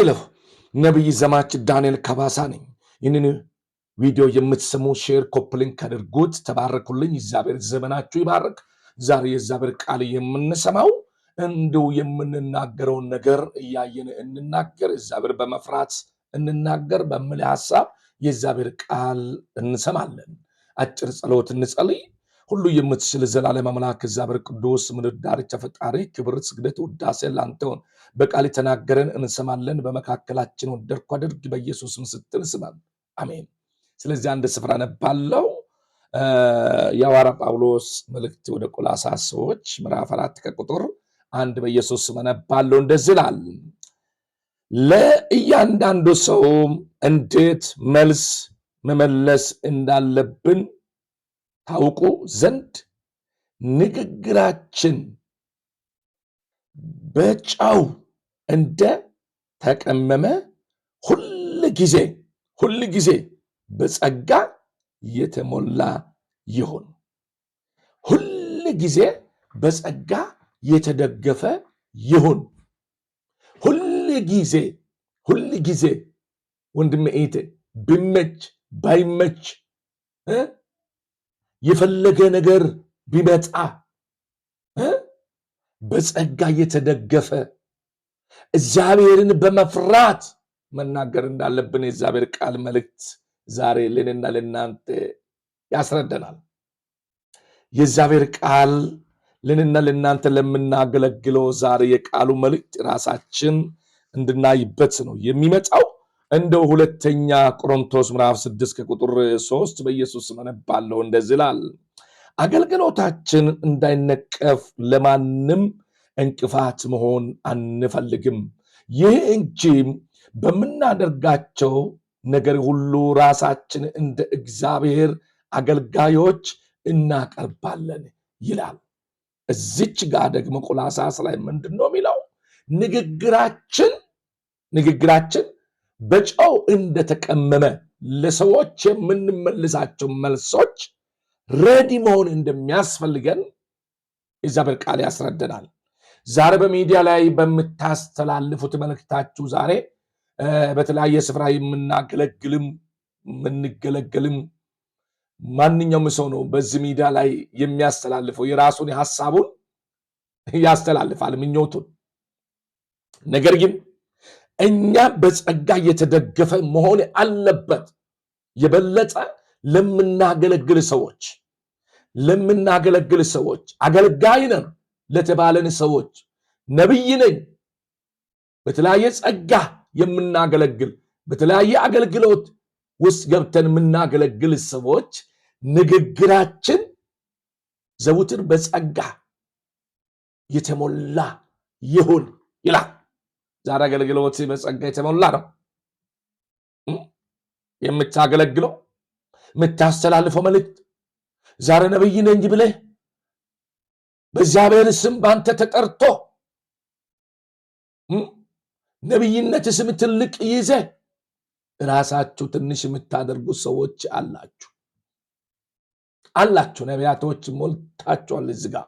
የምችለው ነቢይ ዘማች ዳንኤል ከባሳ ነኝ። ይህንን ቪዲዮ የምትሰሙ ሼር፣ ኮፕሊንክ አድርጉት። ተባረኩልኝ። እግዚአብሔር ዘመናችሁ ይባርክ። ዛሬ የእግዚአብሔር ቃል የምንሰማው እንዲሁ የምንናገረውን ነገር እያየን እንናገር፣ እግዚአብሔር በመፍራት እንናገር በሚል ሀሳብ የእግዚአብሔር ቃል እንሰማለን። አጭር ጸሎት እንጸልይ። ሁሉ የምትችል ዘላለም አምላክ እግዚአብሔር ቅዱስ ምድር ዳርቻ ፈጣሪ ክብር፣ ስግደት፣ ውዳሴ ላንተውን በቃል የተናገረን እንሰማለን። በመካከላችን ወደርኩ አድርግ በኢየሱስ ምስትል ስማል። አሜን። ስለዚህ አንድ ስፍራ ነባለው የሐዋርያ ጳውሎስ መልእክት ወደ ቆላሳ ሰዎች ምዕራፍ አራት ከቁጥር አንድ በኢየሱስ ስም ነባለው እንደዚህ ይላል ለእያንዳንዱ ሰውም እንዴት መልስ መመለስ እንዳለብን ታውቁ ዘንድ ንግግራችን በጨው እንደ ተቀመመ ሁል ጊዜ ሁል ጊዜ በጸጋ የተሞላ ይሁን። ሁል ጊዜ በጸጋ የተደገፈ ይሁን። ሁል ጊዜ ሁል ጊዜ ወንድሜ እህቴ ቢመች ባይመች የፈለገ ነገር ቢመጣ በጸጋ እየተደገፈ እግዚአብሔርን በመፍራት መናገር እንዳለብን የእግዚአብሔር ቃል መልእክት ዛሬ ልንና ልናንተ ያስረደናል። የእግዚአብሔር ቃል ልንና ልናንተ ለምናገለግለው ዛሬ የቃሉ መልእክት ራሳችን እንድናይበት ነው የሚመጣው። እንደው ሁለተኛ ቆሮንቶስ ምዕራፍ ስድስት ከቁጥር 3 በኢየሱስ መነባለው እንደዚህ ይላል፣ አገልግሎታችን እንዳይነቀፍ ለማንም እንቅፋት መሆን አንፈልግም። ይህ እንጂ በምናደርጋቸው ነገር ሁሉ ራሳችን እንደ እግዚአብሔር አገልጋዮች እናቀርባለን ይላል። እዚች ጋር ደግሞ ቆላሳስ ላይ ምንድን ነው የሚለው? ንግግራችን ንግግራችን በጨው እንደተቀመመ ለሰዎች የምንመልሳቸው መልሶች ረዲ መሆን እንደሚያስፈልገን እግዚአብሔር ቃል ያስረደናል። ዛሬ በሚዲያ ላይ በምታስተላልፉት መልእክታችሁ ዛሬ በተለያየ ስፍራ የምናገለግልም የምንገለገልም ማንኛውም ሰው ነው በዚህ ሚዲያ ላይ የሚያስተላልፈው የራሱን ሀሳቡን ያስተላልፋል፣ ምኞቱን ነገር ግን እኛ በጸጋ የተደገፈ መሆን አለበት። የበለጠ ለምናገለግል ሰዎች ለምናገለግል ሰዎች አገልጋይ ነን ለተባለን ሰዎች ነቢይ ነኝ በተለያየ ጸጋ የምናገለግል በተለያየ አገልግሎት ውስጥ ገብተን የምናገለግል ሰዎች ንግግራችን ዘውትር በጸጋ የተሞላ ይሁን ይላል። ዛሬ አገልግሎት በጸጋ የተሞላ ነው የምታገለግለው የምታስተላልፈው መልእክት ዛሬ ነብይ ነኝ እንጂ ብለህ በእግዚአብሔር ስም በአንተ ተጠርቶ ነቢይነት ስም ትልቅ ይዘ ራሳችሁ ትንሽ የምታደርጉ ሰዎች አላችሁ አላችሁ ነቢያቶች ሞልታችኋል እዚህ ጋ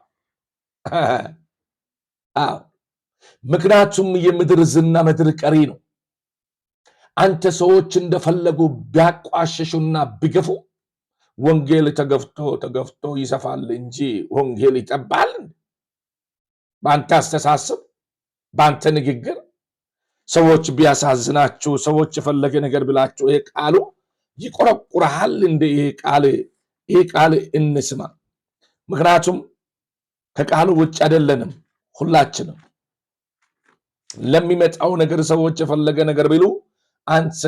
ምክንያቱም የምድር ዝና ምድር ቀሪ ነው። አንተ ሰዎች እንደፈለጉ ቢያቋሸሹና ቢገፉ ወንጌል ተገፍቶ ተገፍቶ ይሰፋል እንጂ ወንጌል ይጠባል። በአንተ አስተሳሰብ፣ በአንተ ንግግር ሰዎች ቢያሳዝናችሁ፣ ሰዎች የፈለገ ነገር ብላችሁ ይሄ ቃሉ ይቆረቁረሃል። እንደ ይሄ ቃል ይሄ ቃል እንስማ። ምክንያቱም ከቃሉ ውጭ አይደለንም ሁላችንም ለሚመጣው ነገር ሰዎች የፈለገ ነገር ቢሉ አንተ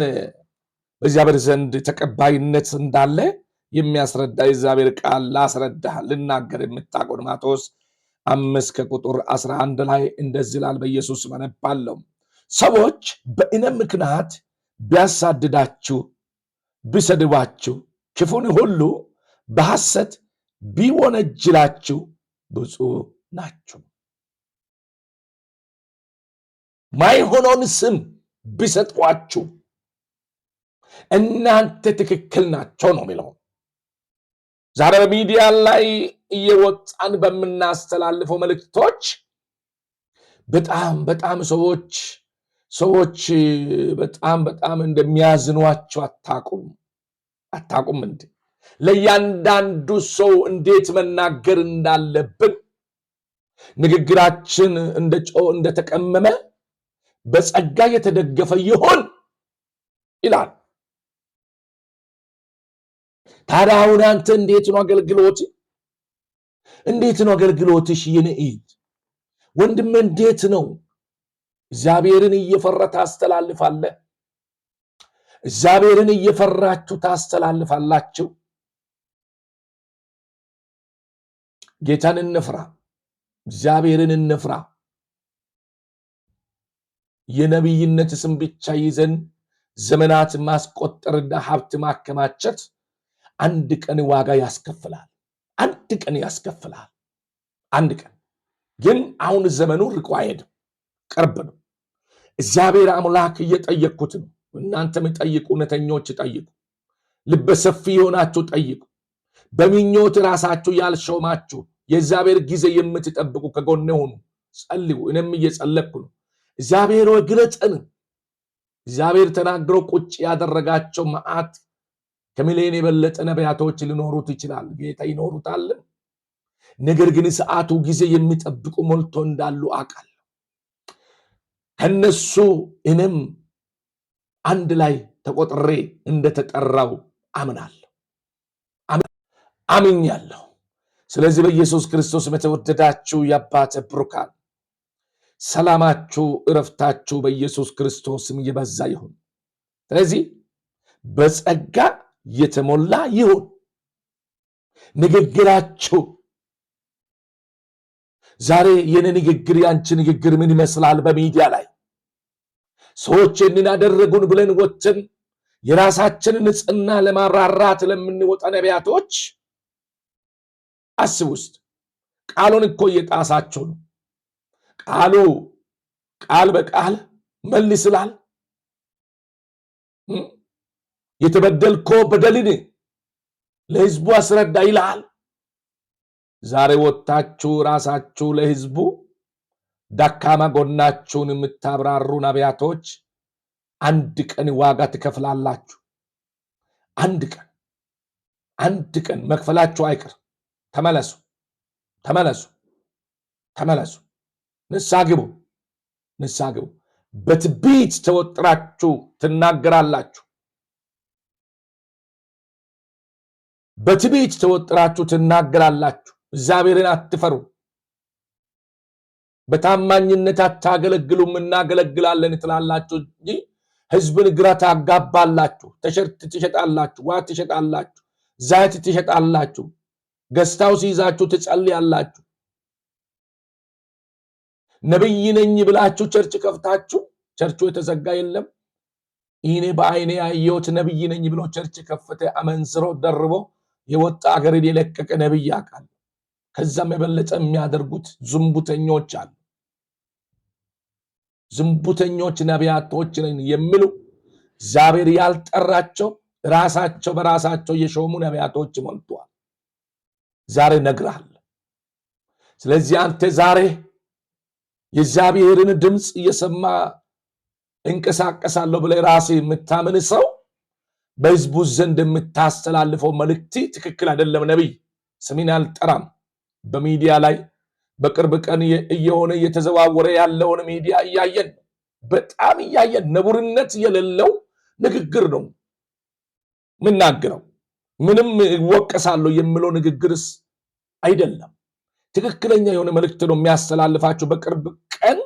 በእግዚአብሔር ዘንድ ተቀባይነት እንዳለ የሚያስረዳ የእግዚአብሔር ቃል ላስረዳ ልናገር የምታቆን ማቶስ አምስት ከቁጥር 11 ላይ እንደዚህ ላል በኢየሱስ መነባለው ሰዎች በእነ ምክንያት ቢያሳድዳችሁ፣ ቢሰድባችሁ፣ ክፉን ሁሉ በሐሰት ቢወነጅላችሁ ብፁ ናችሁ። ማይሆነውን ስም ቢሰጧችሁ እናንተ ትክክል ናቸው ነው የሚለው። ዛሬ በሚዲያ ላይ እየወጣን በምናስተላልፈው መልእክቶች በጣም በጣም ሰዎች ሰዎች በጣም በጣም እንደሚያዝኗቸው አታቁም አታቁም እንዴ? ለእያንዳንዱ ሰው እንዴት መናገር እንዳለብን ንግግራችን እንደጨው እንደተቀመመ በጸጋ የተደገፈ ይሆን ይላል። ታዲያ አሁን አንተ እንዴት ነው አገልግሎት? እንዴት ነው አገልግሎትሽ? ይንኢድ ወንድም እንዴት ነው እግዚአብሔርን እየፈራ ታስተላልፋለ እግዚአብሔርን እየፈራችሁ ታስተላልፋላችሁ? ጌታን እንፍራ፣ እግዚአብሔርን እንፍራ። የነቢይነት ስም ብቻ ይዘን ዘመናት ማስቆጠርና ሀብት ማከማቸት አንድ ቀን ዋጋ ያስከፍላል። አንድ ቀን ያስከፍላል። አንድ ቀን ግን አሁን ዘመኑ ርቆ አይሄድም፣ ቅርብ ነው። እግዚአብሔር አምላክ እየጠየቅኩት ነው። እናንተም ጠይቁ፣ እውነተኞች ጠይቁ፣ ሰፊ የሆናችሁ ጠይቁ። በምኞት ራሳችሁ ያልሾማችሁ የእግዚአብሔር ጊዜ የምትጠብቁ ከጎን ሆኑ፣ ጸልዩ። እኔም እየጸለቅኩ ነው። እግዚአብሔር ወይ ግለጥን። እግዚአብሔር ተናግሮ ቁጭ ያደረጋቸው መዓት ከሚሊዮን የበለጠ ነቢያቶች ሊኖሩት ይችላል። ጌታ ይኖሩታል። ነገር ግን ሰዓቱ ጊዜ የሚጠብቁ ሞልቶ እንዳሉ አቃል ከነሱ እኔም አንድ ላይ ተቆጥሬ እንደተጠራው አምናለሁ አምኛለሁ። ስለዚህ በኢየሱስ ክርስቶስ የተወደዳችሁ የአባተ ብሩካን ሰላማችሁ፣ እረፍታችሁ በኢየሱስ ክርስቶስም የበዛ ይሁን። ስለዚህ በጸጋ የተሞላ ይሁን ንግግራችሁ። ዛሬ የኔ ንግግር የአንቺ ንግግር ምን ይመስላል? በሚዲያ ላይ ሰዎች ይህንን ያደረጉን ብለን ወጥተን የራሳችንን ንጽህና ለማራራት ለምንወጣ ነቢያቶች አስብ ውስጥ ቃሉን እኮ እየጣሳችሁ ነው። ቃሉ ቃል በቃል መልስ መልስላል። የተበደልኮ በደልን ለህዝቡ አስረዳ ይላል። ዛሬ ወጥታችሁ ራሳችሁ ለህዝቡ ዳካማ ጎናችሁን የምታብራሩ ነቢያቶች አንድ ቀን ዋጋ ትከፍላላችሁ። አንድ ቀን አንድ ቀን መክፈላችሁ አይቀር። ተመለሱ፣ ተመለሱ፣ ተመለሱ። ንስሐ ግቡ፣ ንስሐ ግቡ። ተወጥራችሁ ትናገራላችሁ። በትቢት ተወጥራችሁ ትናገራላችሁ። እግዚአብሔርን አትፈሩ። በታማኝነት አታገለግሉም። እናገለግላለን ትላላችሁ እንጂ ህዝብን ግራ ታጋባላችሁ። ተሸርት ትሸጣላችሁ፣ ዋ ትሸጣላችሁ፣ ዛይት ትሸጣላችሁ፣ ገስታው ሲይዛችሁ ትጸልያላችሁ። ነብይ ነኝ ብላችሁ ቸርች ከፍታችሁ ቸርቹ የተዘጋ የለም። ይህኔ በአይኔ ያየሁት ነብይ ነኝ ብሎ ቸርች ከፍተ አመንዝሮ ደርቦ የወጣ አገርን የለቀቀ ነብይ አውቃለሁ። ከዛም የበለጠ የሚያደርጉት ዝንቡተኞች አሉ። ዝንቡተኞች ነቢያቶች ነን የሚሉ እግዚአብሔር ያልጠራቸው ራሳቸው በራሳቸው የሾሙ ነቢያቶች ሞልተዋል። ዛሬ ነግራል። ስለዚህ አንተ ዛሬ የእግዚአብሔርን ድምፅ እየሰማ እንቀሳቀሳለሁ ብለ ራሴ የምታምን ሰው በህዝቡ ዘንድ የምታስተላልፈው መልእክት ትክክል አይደለም። ነቢይ ስሜን አልጠራም። በሚዲያ ላይ በቅርብ ቀን እየሆነ እየተዘዋወረ ያለውን ሚዲያ እያየን በጣም እያየን ነቡርነት የሌለው ንግግር ነው ምናገረው። ምንም እወቀሳለሁ የምለው ንግግርስ አይደለም። ትክክለኛ የሆነ መልእክት ነው የሚያስተላልፋቸው። በቅርብ ቀን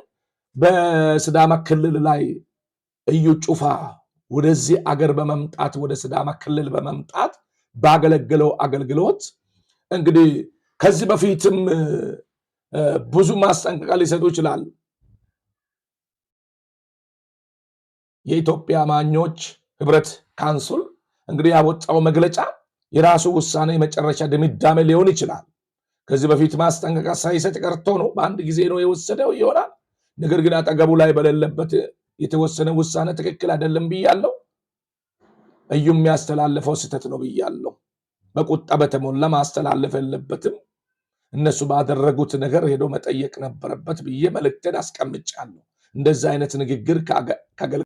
በስዳማ ክልል ላይ እዩ ጩፋ ወደዚህ አገር በመምጣት ወደ ስዳማ ክልል በመምጣት ባገለገለው አገልግሎት እንግዲህ ከዚህ በፊትም ብዙ ማስጠንቀቂያ ሊሰጡ ይችላል። የኢትዮጵያ አማኞች ህብረት ካውንስል እንግዲህ ያወጣው መግለጫ የራሱ ውሳኔ መጨረሻ ድምዳሜ ሊሆን ይችላል። ከዚህ በፊት ማስጠንቀቂያ ሳይሰጥ ቀርቶ ነው። በአንድ ጊዜ ነው የወሰደው ይሆናል። ነገር ግን አጠገቡ ላይ በሌለበት የተወሰነ ውሳኔ ትክክል አይደለም ብያለው። እዩ የሚያስተላልፈው ስህተት ነው ብያለው። በቁጣ በተሞላ ማስተላለፍ የለበትም። እነሱ ባደረጉት ነገር ሄዶ መጠየቅ ነበረበት ብዬ መልእክትን አስቀምጫለሁ። እንደዚህ አይነት ንግግር